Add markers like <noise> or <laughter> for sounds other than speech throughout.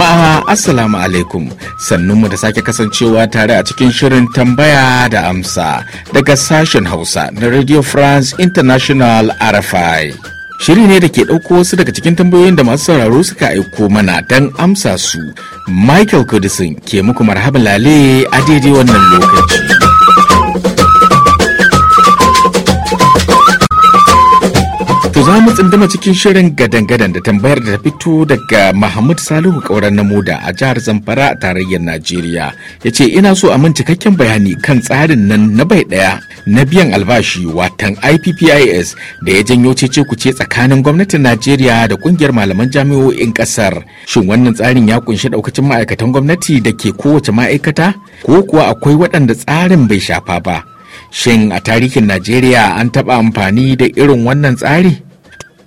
Jama'a Assalamu alaikum mu da sake kasancewa tare a cikin shirin tambaya da amsa daga sashen Hausa na Radio France International RFI. Shiri ne da ke ɗauko wasu daga cikin tambayoyin da masu sauraro suka aiko mana don amsa su. Michael Kudisin ke muku marhaba lale a daidai wannan lokaci. To za mu tsinduma cikin shirin gadan-gadan da tambayar da fito daga Mahmud Salihu kauran namuda a jihar Zamfara a tarayyar Najeriya. Ya ce ina so a mun cikakken bayani kan tsarin nan na bai ɗaya na biyan albashi watan IPPIS da ya janyo cece kuce tsakanin gwamnatin Najeriya da kungiyar malaman jami'o'in kasar Shin wannan tsarin ya kunshi ɗaukacin ma'aikatan gwamnati da ke kowace ma'aikata ko kuwa akwai waɗanda tsarin bai shafa ba? Shin a tarihin Najeriya an taɓa amfani da irin wannan tsari?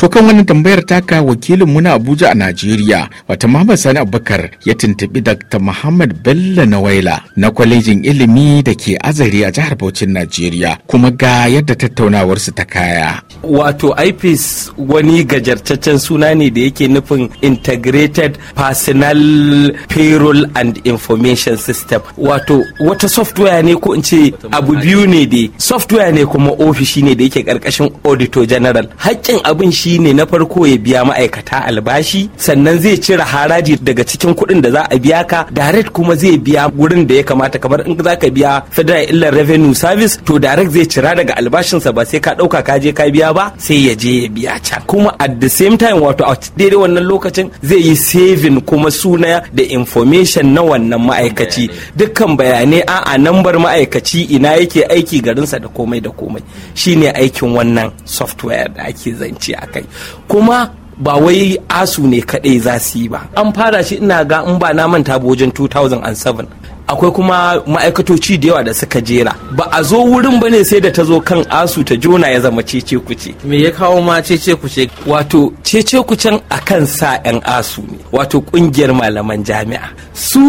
To kan wannan tambayar taka wakilin muna Abuja a Najeriya wata Muhammad Sani Abubakar ya tuntubi Dr. Muhammad Bello Nawaila na kwalejin ilimi da ke Azari a jihar Bauchin Najeriya kuma ga yadda su ta kaya. Wato IPS wani gajartaccen suna ne da yake nufin Integrated Personal Payroll and Information System. Wato wata software ne ko in ce abu biyu ne dai. Software ne kuma ofishi ne da yake karkashin Auditor General. Haƙƙin abin shi ne na farko ya biya ma'aikata albashi sannan zai cire haraji daga cikin kuɗin da za a biya ka direct kuma zai biya wurin da ya kamata kamar in za ka biya federal illar revenue service to direct zai cira daga albashinsa ba sai ka ɗauka ka je ka biya ba sai ya je ya biya can kuma at the same time wato a daidai wannan lokacin zai yi saving kuma suna da information na wannan ma'aikaci dukkan bayanai a a nambar ma'aikaci ina yake aiki garinsa da komai da komai shine aikin wannan software da ake zance a kai kai kuma ba wai asu ne kaɗai za su yi ba an fara shi ina ga in ba na manta wajen 2007 akwai kuma ma'aikatoci da yawa da suka jera ba a zo wurin ba ne sai da ta zo kan asu ta jona ya zama cece kuce me ya kawo ma cece kuce wato cece kucen kan sa yan asu ne wato kungiyar malaman jami'a su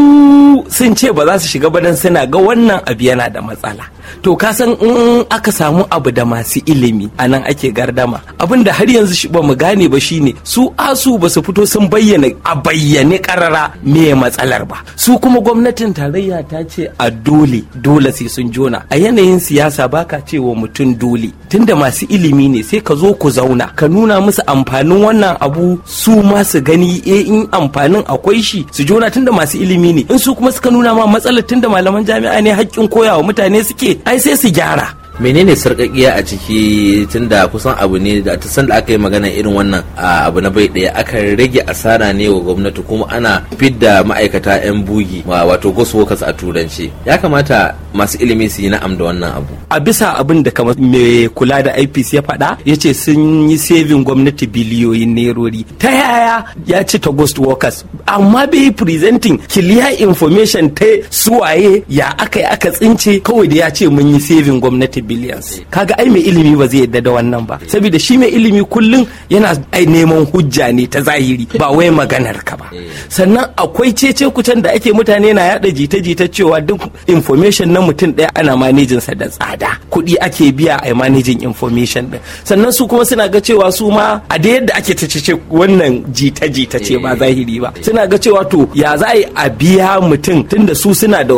sun ce ba za su shiga ba dan suna ga wannan abu yana da matsala to ka san in aka samu abu da masu ilimi a nan ake gardama abin da har yanzu ba mu gane ba shine su asu ba su fito sun bayyana a bayyane karara me matsalar ba su kuma gwamnatin tarayya soyayya ta ce a dole dole sai sun jona a yanayin siyasa baka wa mutum dole tunda masu ilimi ne sai ka zo ku zauna ka nuna musu amfanin wannan abu su ma su gani e in amfanin akwai shi su jona tunda masu ilimi ne in su kuma suka nuna ma matsalar tunda malaman jami'a ne haƙƙin koyawa mutane suke ai sai su gyara menene sarkakiya a ciki tunda kusan abu ne da ta san da aka yi magana irin wannan abu na bai ɗaya aka rage asara ne wa gwamnati kuma ana fidda ma'aikata 'yan bugi wato ghost workers a turanci ya kamata masu ilimi su yi na'am da wannan abu a bisa abin da kamar mai kula da ipc ya faɗa ya ce sun yi saving gwamnati biliyoyin nerori ta yaya ya ci ta ghost workers amma bai presenting clear information ta suwaye ya aka yi aka tsince kawai da ya ce mun yi saving gwamnati billions kaga ai mai ilimi ba zai yadda da wannan ba saboda shi mai ilimi kullum yana ai neman hujja ne ta zahiri ba wai maganar ka ba sannan akwai cece kucen da ake mutane na yada jita-jita cewa duk information na mutum daya ana manejin sa da tsada kuɗi ake biya a managing information din sannan su kuma suna ga cewa su ma a da yadda ake ta cece wannan jita-jita ce ba zahiri ba suna ga cewa to ya za a biya mutum tunda su suna da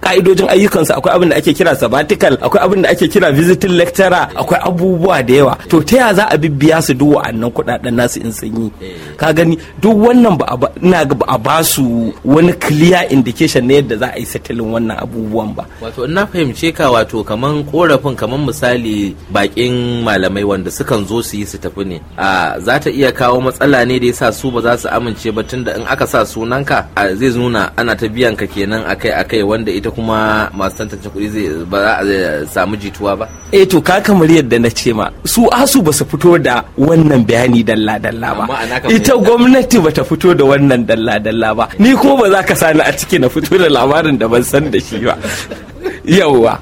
ka'idojin ayyukansu akwai abin da ake kira sabbatical akwai abin da ake kira visiting lecturer akwai abubuwa da yawa to ta ya za a bibbiya su duk wa'annan kuɗaɗen nasu in sun yi eh. ka gani duk wannan ba ina ga ba ba su wani clear indication na yadda za a yi settling wannan abubuwan ba wato ina fahimce ka wato kaman korafin kaman misali bakin malamai wanda sukan zo su yi su tafi ne a za ta iya kawo matsala ne da yasa su ba za su amince ba tunda in aka sa sunanka zai nuna ana ta biyan ka kenan akai akai wanda ita kuma masu tantance kuɗi zai ba za a samu samu jituwa ba eh to ka kamar yadda na ce ma su asu ba su fito da wannan bayani dalla dalla ba ita gwamnati ba ta fito da wannan dalla dalla ba ni ko ba za ka sani a ciki na fito da labarin da ban san da shi ba <laughs> yawwa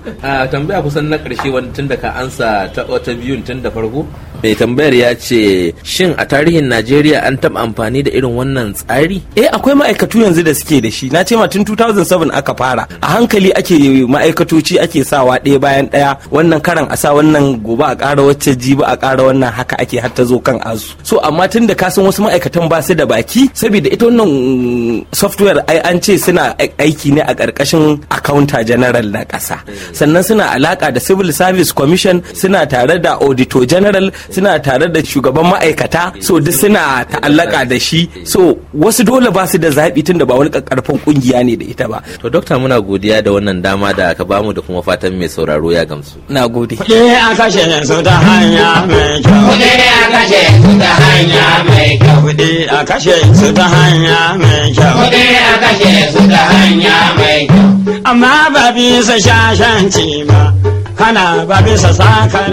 tambaya kusan na karshe wani tun da ka ansa ta wata biyun tun da farko mai tambayar ya ce shin a tarihin najeriya an taɓa amfani da irin wannan tsari eh akwai ma'aikatu yanzu da suke da shi na ce ma tun 2007 aka fara a hankali ake ma'aikatoci ake sawa ɗaya bayan ɗaya wannan karan a sa wannan gobe a ƙara wacce jibi a ƙara wannan haka ake har ta zo kan asu so amma tun da kasan wasu ma'aikatan ba su da baki saboda ita wannan mm, software ai an ce suna aiki ne a ƙarƙashin accounta general na ƙasa eh. sannan suna alaka da civil service commission suna tare da auditor general suna tare da shugaban ma'aikata so duk suna ta'allaka da shi so wasu dole ba su da zaɓi tun da ba wani ƙarfin ƙungiya ne da ita ba to dokta muna godiya da wannan dama da ka bamu da kuma fatan mai sauraro ya gamsu na gode a kashe su ta hanya mai kyau kuɗi a kashe ta hanya mai kyau kuɗi a kashe ta hanya mai kyau kuɗi a kashe ta hanya mai kyau amma ba bisa waƙar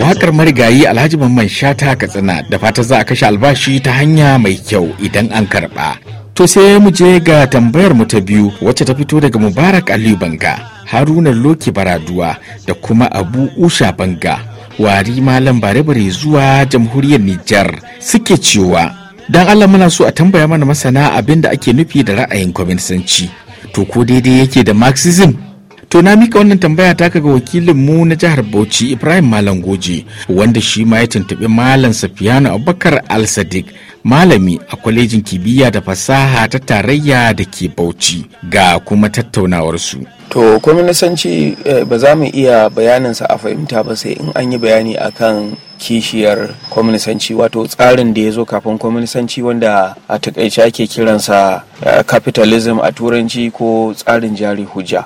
wakar marigayi alhaji mamman shata katsina da fata za a kashe albashi ta hanya mai kyau idan an karɓa. to sai mu je ga tambayar mu ta biyu wacce ta fito daga mubarak aliyu banga haruna loki baraduwa da kuma abu usha banga wari malam bare-bare zuwa jamhuriyar nijar suke cewa don allah muna so a tambaya mana masana abin da ake nufi da ra'ayin kwaminsanci to ko daidai yake da marxism to na mika wannan tambaya ta ga wakilin mu na jihar Bauchi Ibrahim Malam Goje wanda shi ma ya tuntuɓi Malam Safiyanu Abubakar Al Sadiq malami a kwalejin Kibiya da fasaha ta tarayya da ke Bauchi ga kuma tattaunawarsu. to kwaminisanci eh, ba za mu iya bayaninsa a fahimta ba sai in an yi bayani a kan kishiyar kwaminisanci wato tsarin da ya zo kafin kwaminisanci wanda a takaice ake kiransa eh, capitalism a turanci ko tsarin jari hujja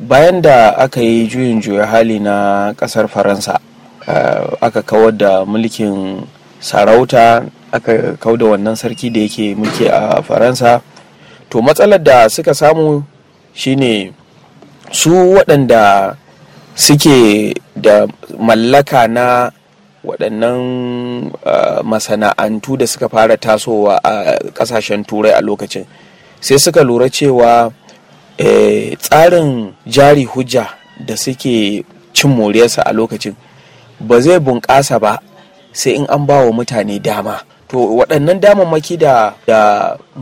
bayan da aka yi juyin juya hali na kasar faransa eh, aka kawar da mulkin sarauta aka kau da wannan sarki da yake mulki a faransa to matsalar da suka samu shine su waɗanda suke da mallaka na waɗannan uh, masana'antu da suka fara tasowa a ƙasashen turai a lokacin sai suka lura cewa eh, tsarin jari hujja da suke cin moriyarsa a lokacin ba zai bunƙasa ba sai in an ba wa mutane dama to waɗannan damammaki da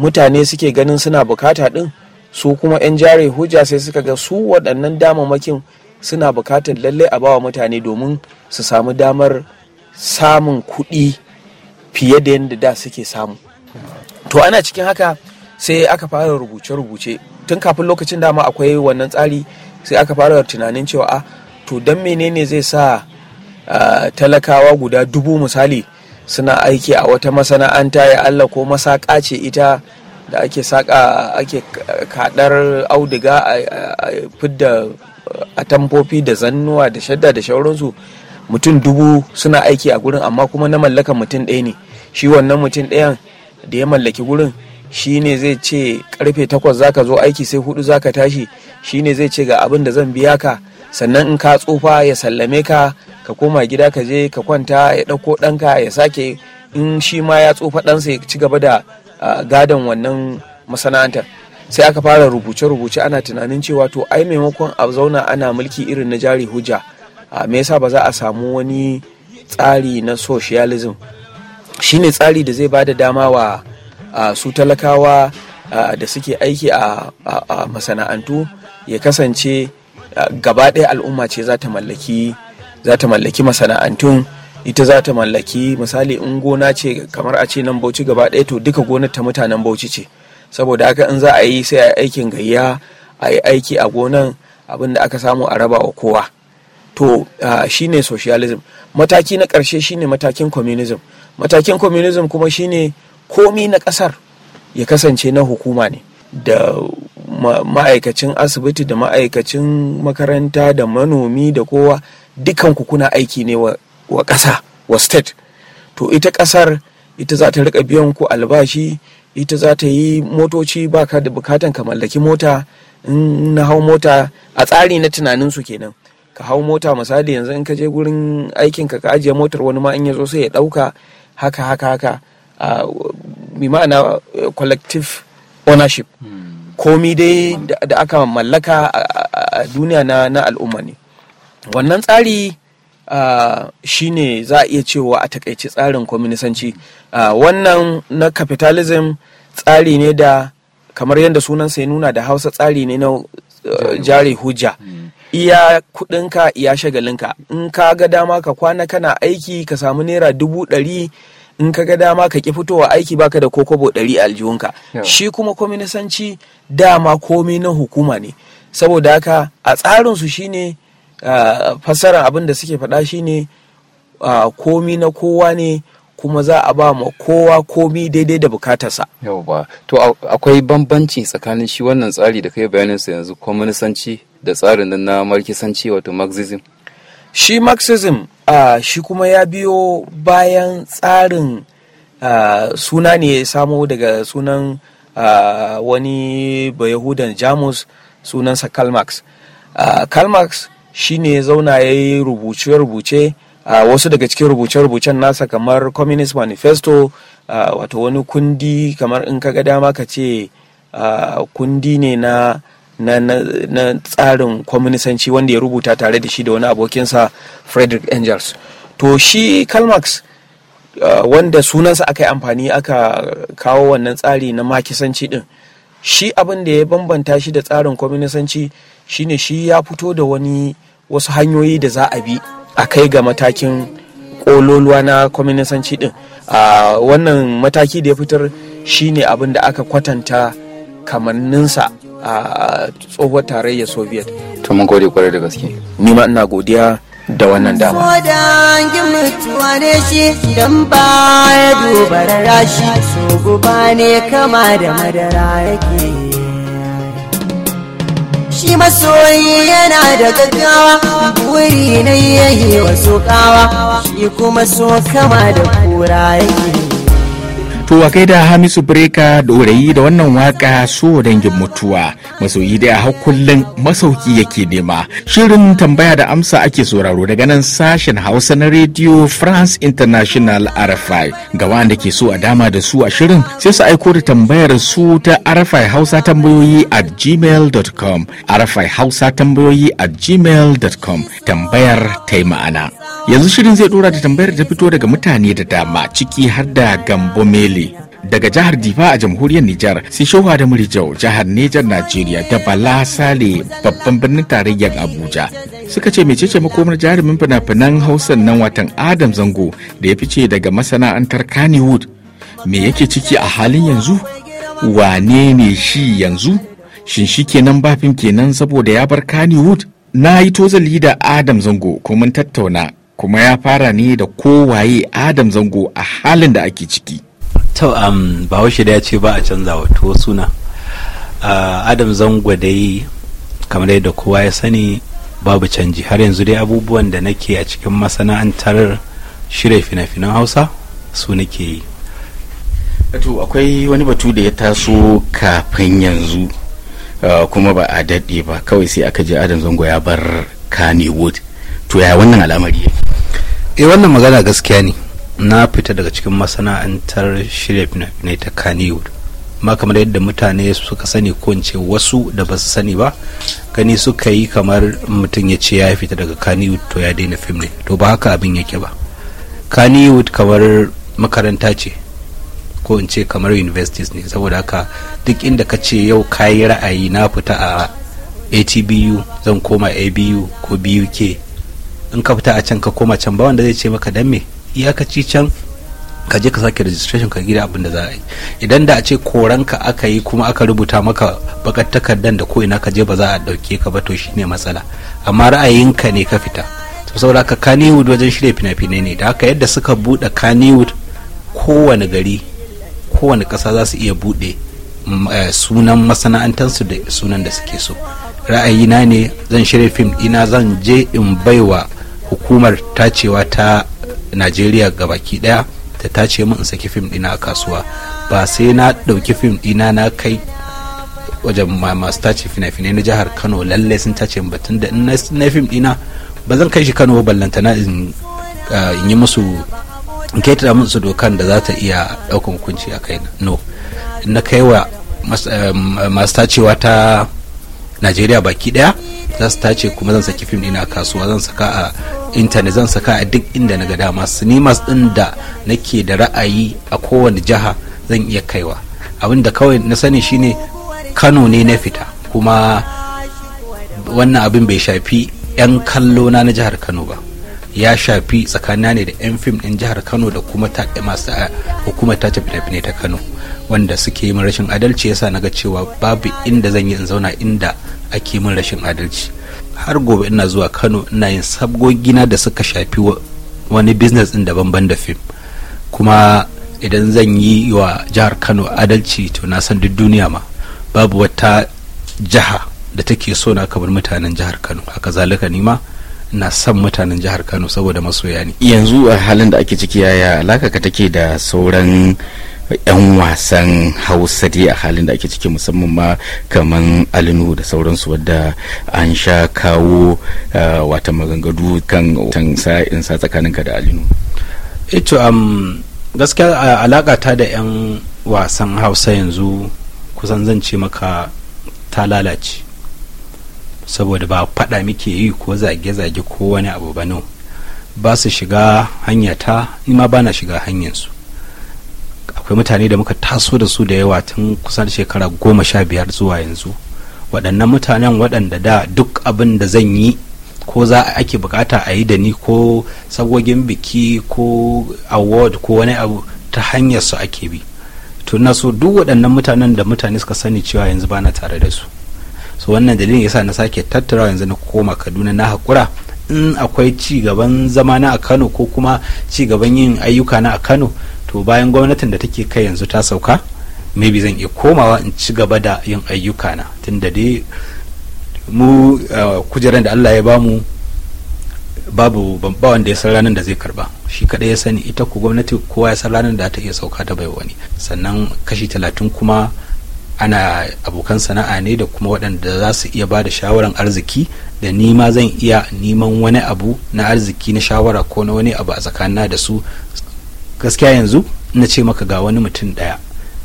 mutane suke ganin suna bukata ɗin su kuma 'yan jari hujja sai suka ga su waɗannan damamakin suna bukatar lallai a bawa mutane domin su samu damar samun kuɗi fiye da yadda da suke samu to ana cikin haka sai aka fara rubuce-rubuce tun kafin lokacin dama akwai wannan tsari sai aka fara tunanin cewa a ah, to don menene zai sa ah, talakawa guda dubu misali suna aiki a wata masana'anta ya allah ko masaka ce ita da ake saka ake kadar auduga a fidda atamfofi da zannuwa da shadda da shauransu mutum dubu suna aiki a gurin amma kuma na mallaka mutum ɗaya ne shi wannan mutum ɗayan da ya mallaki gurin shi ne zai ce karfe takwas zaka zo aiki sai hudu zaka tashi shi ne zai ce ga abin da zan biya ka sannan in ka tsufa ya sallame ka ka koma gida ka je ka kwanta ya ɗauko ɗanka ya sake in shi ma ya tsufa ɗansa ya ci gaba da gadon wannan masana'antar sai aka fara rubuce-rubuce ana tunanin cewa to ai maimakon a zauna ana mulki irin na jari hujja me yasa ba za a samu wani tsari na socialism shine tsari da zai bada dama wa su talakawa da suke aiki a masana'antu ya kasance gaba ɗaya al'umma ce za ta mallaki masana'antun ita za ta mallaki misali in gona ce kamar a ce nan bauchi gaba ɗaya to duka gonar ta mutanen bauchi ce saboda haka in za a yi sai a aikin gayya a yi aiki a gonan abin da aka samu a raba wa kowa to shine socialism mataki na karshe shine matakin communism matakin communism kuma shine komi na ƙasar ya kasance na hukuma ne da ma'aikacin asibiti da ma'aikacin makaranta da manomi da kowa dukanku kuna aiki ne wa wa ƙasa wa state to ita ƙasar ita za ta rika biyan ku albashi ita za ta yi motoci ba ka da bukatan ka mallaki mota in na hau mota a tsari na tunanin su kenan ka hau mota misali yanzu in ka je gurin aikin ka ka ajiye motar wani ma in ya zo sai ya ɗauka haka haka haka a bi ma'ana collective ownership hmm. komi dai da aka mallaka a duniya na al'umma ne wannan tsari shi ne za a iya cewa a takaici tsarin kwaminisanci wannan na capitalism tsari ne da kamar yadda sunansa ya nuna da hausa tsari ne na jari eh, hujja hmm. iya kudinka iya shagalinka in ka ga dama ka kwana kana aiki ka samu naira dubu ɗari in ka ga dama ka ki fitowa aiki baka da kokobo ɗari a aljihunka shi kuma kwaminisanci dama komai na hukuma ne saboda haka a tsarinsu shine Ah, fassara abin da suke faɗa shine ah, komi na kowa ne kuma za a ba ma kowa komi daidai da bukatarsa. Yawwa, to akwai bambanci tsakanin shi wannan tsari da kai bayaninsa yanzu kwaminisanci da tsarin nan na markisanci wato marxism. Shi marxism ah, shi kuma ya biyo bayan tsarin suna ne ya samo daga sunan wani bayahudan jamus sunansa Karl Marx. Karl Marx shine ya zauna ya yi rubuce-rubuce a wasu daga cikin rubuce-rubucen nasa kamar communist manifesto wato wani kundi kamar in ka ga dama ka ce kundi ne na na, tsarin kwaminisanci wanda ya rubuta tare da shi da wani abokinsa frederick angels to shi kalmax wanda sunansa aka yi amfani aka kawo wannan tsari na makisanci din shi abin da ya bambanta shi da tsarin kwaminisanci shine shi ya fito da wani wasu hanyoyi da za a bi a kai ga matakin kololuwa na kwaminisanci din a wannan mataki da ya fitar shine abin da aka kwatanta kamanninsa a tsohuwar tarayyar soviet to mun gode kwarai da gaske nima ma ina godiya da wannan dama. So da hangi mutuwa ne shi don ba ya duba rashi so guba ne kama da madara yake. Shi masoyi yana da gaggawa wuri na yayi wasu ƙawa, shi kuma so kama da kura yake. To a gaida Hamisu Breka ɗorayi da wannan waka so dangin mutuwa masoyi dai a kullum masauki yake nema. Shirin tambaya da amsa ake sauraro daga nan sashen Hausa na Radio France International RFI. Ga wanda ke so a dama da su a shirin sai su aiko da tambayar su ta RFI Hausa tambayoyi at gmail.com RFI Hausa tambayoyi at gmail.com tambayar ta yi ma'ana. Yanzu shirin zai dora da tambayar da fito daga mutane da dama ciki har da Gambo mail. daga jihar Difa a jamhuriyar Nijar sun Shoha da Murijau jihar Nijar Najeriya da Bala Sale babban birnin tarayyar Abuja suka ce mecece makomar jarumin fina-finan Hausan nan watan Adam Zango da ya fice daga masana'antar Kannywood me yake ciki a halin yanzu wane ne shi yanzu shin shi kenan bafin kenan saboda ya bar Kannywood na yi tozali da Adam Zango kuma tattauna kuma ya fara ne da kowaye Adam Zango a halin da ake ciki. to um, bahaushe da ya ce ba a canza wa tuwo suna uh, adam zango dai kamar yadda kowa ya sani babu canji har yanzu dai abubuwan da nake a cikin masana'antar shirya fina-finan hausa su nake yi to akwai wani batu da ya taso kafin yanzu kuma ba a daɗe ba kawai sai aka je adam zango ya bar kane wood to ya wannan al'amari e wannan magana gaskiya ne na fita daga cikin masana'antar shirya fina-finai ta kaniwood ma kamar yadda mutane suka sani ko in ce wasu da ba su sani ba gani suka yi kamar mutum ya ce ya fita daga kaniwood to ya daina fim ne to ba haka abin yake ba kaniwood kamar makaranta ce ko in ce kamar universities ne saboda haka duk inda ka ce yau ka yi ra'ayi na fita a atbu zan koma abu ko buk in ka fita a can ka koma can ba wanda zai ce maka dan me iyakaci can ka je ka sake registration ka gida abin da za a yi idan da a ce ka aka yi kuma aka rubuta maka bakar takardan da ko ina ka je ba za a dauke ka ba to shine matsala amma ra'ayinka ne ka fita saboda haka kaniwood wajen shirya fina-finai ne da haka yadda suka buɗe kaniwood kowane gari kowane kasa za su iya buɗe mm, eh, sunan masana'antarsu da sunan da suke so ra'ayina ne zan shirya fim ina zan je in baiwa hukumar tacewa ta najeriya gabaki daya ta tace min in saki fim dina a kasuwa ba sai na dauki fim dina na kai wajen masu tace fina-finai na jihar kano lalle sun tace min batun da na fim dina ba zan kai shi kano na in ah, in yi musu in kai ketara musu dokan da za ta iya daukan hukunci a kai no na kai wa ah, masu tacewa ta najeriya baki daya za su tace kuma zan saki fim dina kasuwa zan saka a intanet zan saka a duk inda na ga dama sinimas din da nake da ra'ayi a kowane jiha zan iya kaiwa abin da kawai na sani shine kano ne na fita kuma wannan abin bai shafi 'yan kallo na na jihar kano ba ya shafi tsakanina ne da 'yan fim ɗin jihar kano da kuma ta masu hukumar ta fina-finai ta kano wanda suke min rashin adalci yasa naga cewa babu inda zan yi in zauna inda ake min rashin adalci har gobe ina zuwa kano ina yin sabgogina da suka shafi wani business din daban-ban da fim kuma idan zan yi wa jihar kano adalci to na san duk duniya ma babu wata jiha da take so na kamar mutanen jihar kano haka zalika nima na son mutanen jihar kano saboda masoya ne yanzu a halin da ake ciki yaya alaka ka take da sauran 'yan wasan hausa dai a halin da ake ciki musamman ma kamar alinu da sauransu wadda an sha kawo eh, wata maganganu kan tsakanin tsakaninka da alinu ito eh am gaskiya alaƙa ta da 'yan wasan hausa yanzu kusan zan ce maka ta lalace saboda ba faɗa muke yi ko zage-zage ko wani abu ba ba su shiga hanyata ni ma bana shiga hanyarsu akwai mutane da muka taso da su da yawa tun kusan shekara goma sha biyar zuwa yanzu waɗannan mutanen waɗanda da duk abin da zan yi ko za a ake bukata a yi da ni ko sagogin biki ko award ko wani abu ta hanyar su ake bi to na so duk waɗannan mutanen da mutane suka sani cewa yanzu bana tare da su so wannan dalilin yasa na sake tattara yanzu na koma kaduna na hakura in akwai ci gaban na a kano ko kuma ci gaban yin ayyuka na a kano to bayan gwamnatin da take kai yanzu ta sauka maybe zan iya komawa in ci gaba da yin ayyuka na tunda dai mu uh, kujeran da Allah ya bamu babu ba wanda ya san ranar da zai karba shi kadai ya sani ita ku gwamnati kowa ya san ranar da ta iya sauka ta bai wani sannan kashi talatin kuma ana abokan sana'a ne da kuma waɗanda za su iya ba da shawaran arziki da nima zan iya neman wani abu na arziki na shawara ko na wani abu a tsakanina da su gaskiya yanzu na ce maka ga wani mutum ɗaya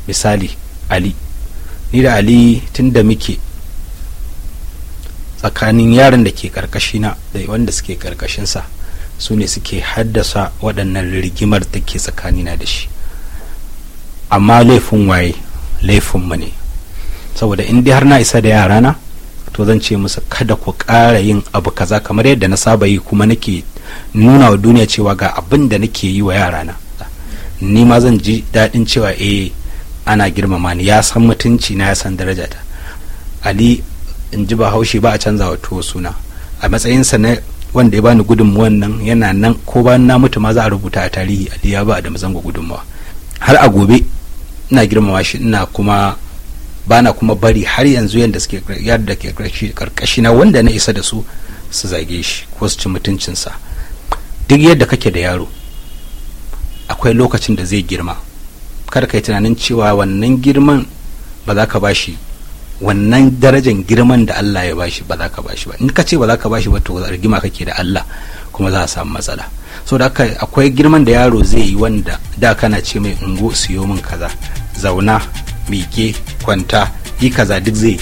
misali ali ni da ali tun da muke tsakanin yaran da ke karkashina da wanda suke karkashinsa su ne suke haddasa waɗannan rigimar da ke tsakanina da shi amma laifin waye laifinmu ne saboda in dai har na isa da yarana to zan ce musu kada ku ƙara yin abu kaza kamar yadda na saba yi kuma nake nuna wa duniya cewa ga abin da nake yi wa yarana ni ma zan ji daɗin cewa eh ana girmama ni ya san mutunci na ya san darajata ali in ji bahaushe ba a canza wa tuwo suna a matsayinsa na wanda ya bani gudunmuwan nan yana nan ko ba na mutu ma za a rubuta a tarihi ali ya ba da mazango gudunmuwa har a gobe ina girmama shi ina kuma bana kuma bari har yanzu yadda suke yadda ke karkashi na wanda na isa da su su zage shi ko su ci mutuncinsa duk yadda kake da yaro akwai lokacin da zai girma kar ka yi tunanin cewa wannan girman ba za ka bashi wannan darajar girman da Allah ya bashi ba za ka bashi ba in ka ce ba za ka bashi ba to rigima kake da Allah kuma za a samu matsala so da haka akwai girman da yaro zai yi wanda da kana ce mai ungo siyo min kaza zauna miƙe kwanta yi kaza duk zai yi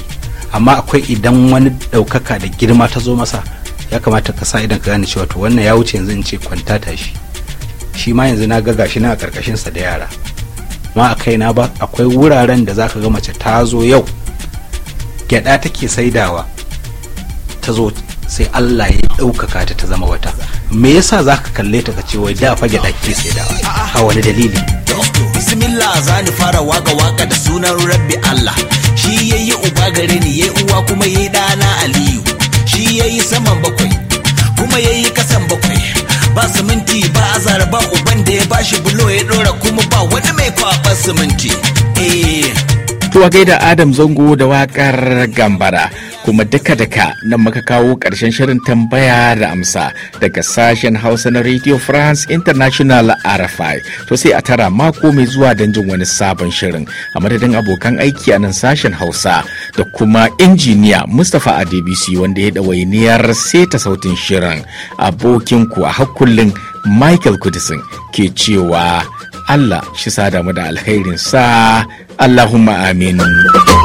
amma akwai idan wani ɗaukaka da girma ta zo masa ya kamata ka sa idan ka gane cewa to wannan ya wuce yanzu in ce kwanta tashi shi ma yanzu na ga shi na karkashin sa da yara ma a kaina ba akwai wuraren da zaka ga mace ta zo yau gyada take saidawa ta zo sai Allah ya ɗaukaka ta ta zama wata me yasa zaka ka kalle ta ka wai da fa gyaɗa ke saidawa a wani dalili bismillah za ni fara waka waka da sunan rabbi Allah shi yayi uba gare ni yayi uwa kuma yayi dana aliyu shi yayi saman bakwai kuma yayi kasan bakwai ba siminti ba a ba uban da ya bashi bulo ya dora kuma ba wani mai kwaba siminti eh to gaida adam zango da wakar gambara kuma daka-daka nan muka kawo ƙarshen shirin tambaya da amsa daga sashen hausa na radio france international rfi to sai a tara mako mai zuwa danjin wani sabon shirin a madadin abokan aiki a nan sashen hausa da kuma injiniya mustapha adebisi wanda ya ɗawainiyar seta sautin shirin abokin ku a hakullin michael kudisin ke cewa allah shi sada mu da alkhairinsa allahumma amin